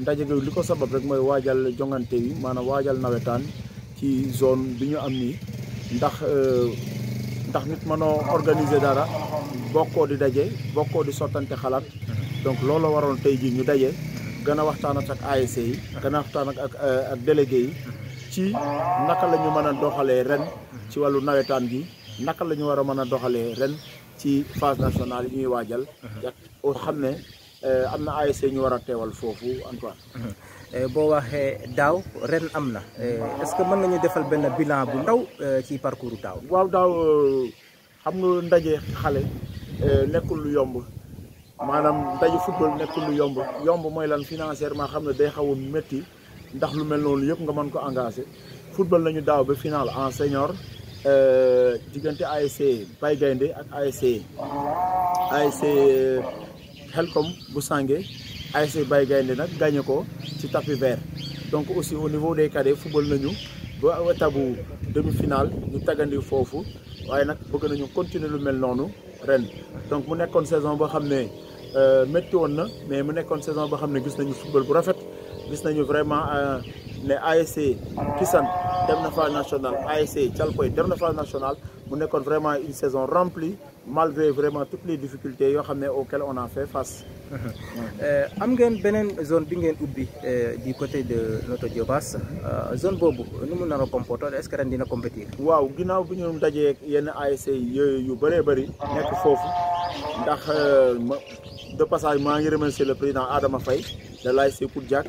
ndaje gi li ko sabab rek mooy waajal jongante yi maanaam waajal nawetaan ci zone bi ñu am nii ndax euh, ndax nit mënoo organiser dara bokkoo di daje bokkoo di sottante xalaat donc loolu waroon tey jii ñu daje gën a waxtaan ak ASC e yi gën a waxtaan ak ak délégué yi ci naka la ñu mën a doxalee ren ci wàllu nawetaan bi naka la ñu war a mën a doxalee ren ci phase nationale yi ñuy waajal ak xam ne Eh, am na ASC ñu war a teewal foofu Antoine. Eh, boo waxee daaw ren am na eh, est-ce que mën nañu defal benn bilan bu ndaw ci parcours daaw. waaw daaw xam nga ndaje xale nekkul lu yomb maanaam ndaje football nekkul lu yomb yomb mooy lan financièrement xam ne day xaw a métti ndax lu mel noonu yëpp nga mën ko engagé football nañu daaw ba final en senior diggante ASC Baye Gaynde ak ASC ASC. Xelkom bu Sange ASC Baye Gaynde nag gagné ko ci tapis vert donc aussi au niveau des cadets football nañu ba tabu demi-finale ñu tagandi foofu waaye nag bëgg nañu continuer lu mel noonu ren donc mu nekkoon saison boo xam ne euh, métti woon na mais mu nekkoon saison boo xam ne gis nañu football bu rafet gis nañu vraiment euh, mais ASC Kissan sont na national ASC Thialkoy dem na national vraiment une saison remplie malgré vraiment toutes les difficultés auxquelles on a fait face. Euh, am ngeen une zone bi ngeen ubbi euh, du côté de notre Diobass euh, zone bobu numu mu nar est-ce que ren dina compétir. waaw ginnaaw bi ñu dajee yenn ASC qui yu bari bari, nekk fofu de passage je ngi remercier le président Adama Faye de l'ASC Jack.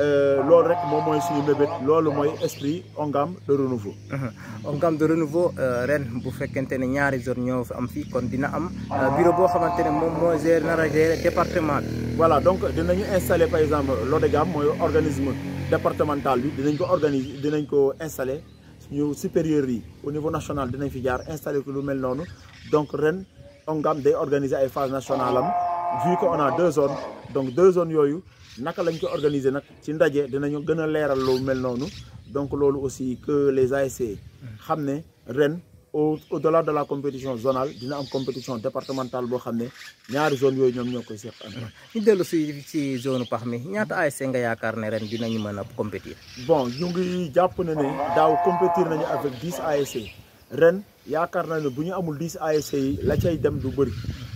Euh, loolu rek mom moy suñu mébét loolu moy esprit ongam de renouveau. ongam de renouveau euh, ren bu fekkente ne ñaari zone ñoo am fi kon dina am euh, bureau bo xamantene mom moy moo gérer nar a département voilà donc dinañu installer par exemple l'ODEGAM moy organisme départemental bi dinañ ko organiser dinañ ko installer ñu supérieur yi au niveau national dinañ fi jaar installer ko lu mel noonu donc ren ongam day organiser ay phase nationale am vu qu'on a deux zones donc deux zones yoyu, naka lañ ko organiser nak, ci ndaje dinañu gën a leeral lu mel nonu, donc loolu aussi que les ASC hamne, ren au au delà de la compétition zonale dina am compétition départementale bo hamne, ne ñaari zone yoyu ñoom ñoo koy seq. ñu dellu si ci zone pax niar ñaata ASC nga yaakaar ne ren dinañu mën a compétir. bon ñu ngi jàpp ne ne daaw compétir nañu avec dix ASC ren yaakaar na ne bu amul dix ASC yi la dem du bëri.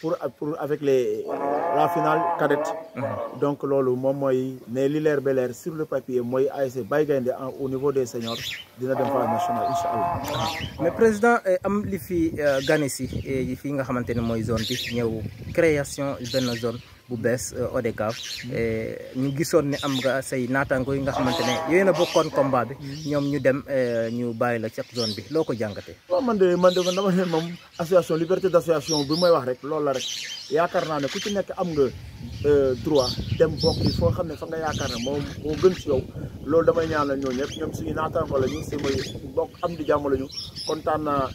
pour pour avec les la finale cadette. Mhm. donc loolu moom mooy ne l'hilaire leer sur le papier moi ASC Baye au niveau des seniors dina dem phase nationale mais président eh, am li fi eh, gane et eh, yi fi nga xamante ne zone qui ñëw création benn zone. bu bees euh, ODCAV euh, ñu gisoon ne am nga say naataango yi nga xamante ne yéen a bokkoon combat bi ñoom ñu dem euh, ñu bàyyi la ci zone bi loo ko jàngatee. waaw man de man de man dama ne moom association liberté d' association bi may wax rek loolu la rek yaakaar naa ne ku ci nekk am nga droit dem bokk yi foo xam ne fa nga yaakaar ne moom moo gën ci yow loolu damay ñaanal ñoo ñëpp ñoom suñu naataango la ñu si may bokk am di jàmm la ñu kontaan naa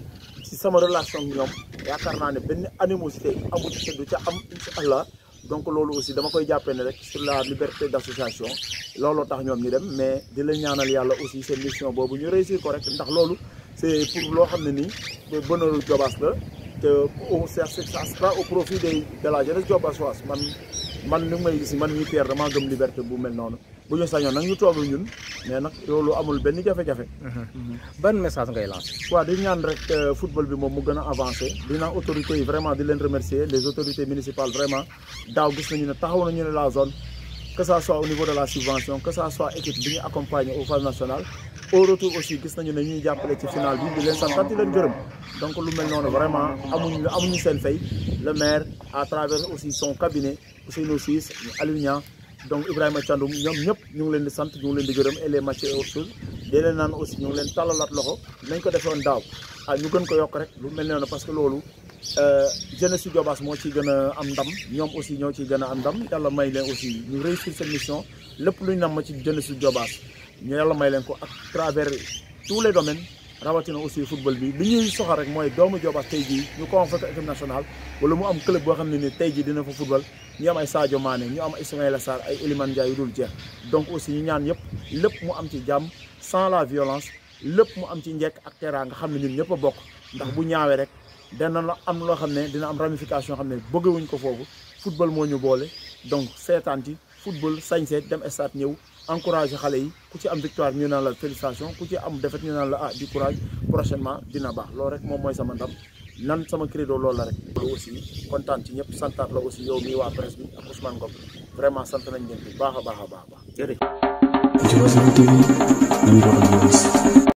si sama relation ak ñoom yaakaar naa ne benn animosité amu ci te du ca am incha allah. donc loolu aussi dama koy jàppee ne rek sur la liberté d' association looloo tax ñoom ñu dem mais di la ñaanal yàlla aussi seen mission boobu ñu réussir ko rek ndax loolu c' pour loo xam ne nii bonheuru Jobaas la Euh, te ça sera au profit des de la jeunesse diobasoise man man ni may gis man ñi Pierre damaa gëm liberté bu mel noonu bu ñu sañoon nag ñu toog ñun mais nag loolu amul benn jafe-jafe. Mhm. ban message ngay lancé. waaw di ñaan rek euh, football bi moom mu gën a avancé dinaa autorités yi vraiment di leen remercier les autorités municipales vraiment daaw gis nañu ne taxaw ñu ne la zone que ça soit au niveau de la subvention que ça soit équipe bi ñu accompagner au phase nationale. au retour aussi gis nañu ne ñuy jappalé ci final bi di leen santat di leen gërëm donc lu mel non vraiment amuñu amuñu seen fay le maire à travers aussi son cabinet Ousseynou Cissé Aliou Niang donc Ibrahima Thiandoum ñom ñep ñu ngi leen di sant ñu ngi leen di gërëm et les matchs et autres choses di leen nan aussi ñu ngi leen talalat loxo nañ ko defoon daw ah ñu gën ko yok rek lu mel non parce que lolu euh jeunesse jobas mo moo ciy gën am ndam ñom aussi ñoo ciy gëna am ndam yalla may leen aussi ñu réussir cette mission lépp lu ñu nam ci jeunesse su Jobaas ñu yàlla may leen ko ak travers tous les domaines rawatina aussi football bi li ñuy soxal rek mooy doomu Jobaas tey jii ñu convoqué équipe nationale wala mu am club boo xam ne ni tey jii dina fa football ñu am ay Sadio Mané ñu am Ismaïla Sarr ay Elimane Ndiaye yu dul jeex donc aussi ñu ñaan yëpp lépp mu am ci jàmm sans la violence lépp mu am ci njekk ak teraa nga xam ne ñun ñëpp a bokk ndax bu ñaawee rek dana la am loo xam ne dina am ramification xam ne bëggewuñ ko foofu football moo ñu boole donc seetaan ci football sañse dem stade ñëw encouragé xale yi ku ci am victoire ñu naan la félicitation ku ci am défaite ñu naan la ah du courage prochainement dina baax lool rek moom mooy sama ndam nan sama crédo loolu la rek. loolu aussi kontaan ci ñëpp santaat la aussi yow mii waa presse bi ak Ousmane Ngom vraiment sant nañ leen bu baax a baax a baax a baax jërëjëf.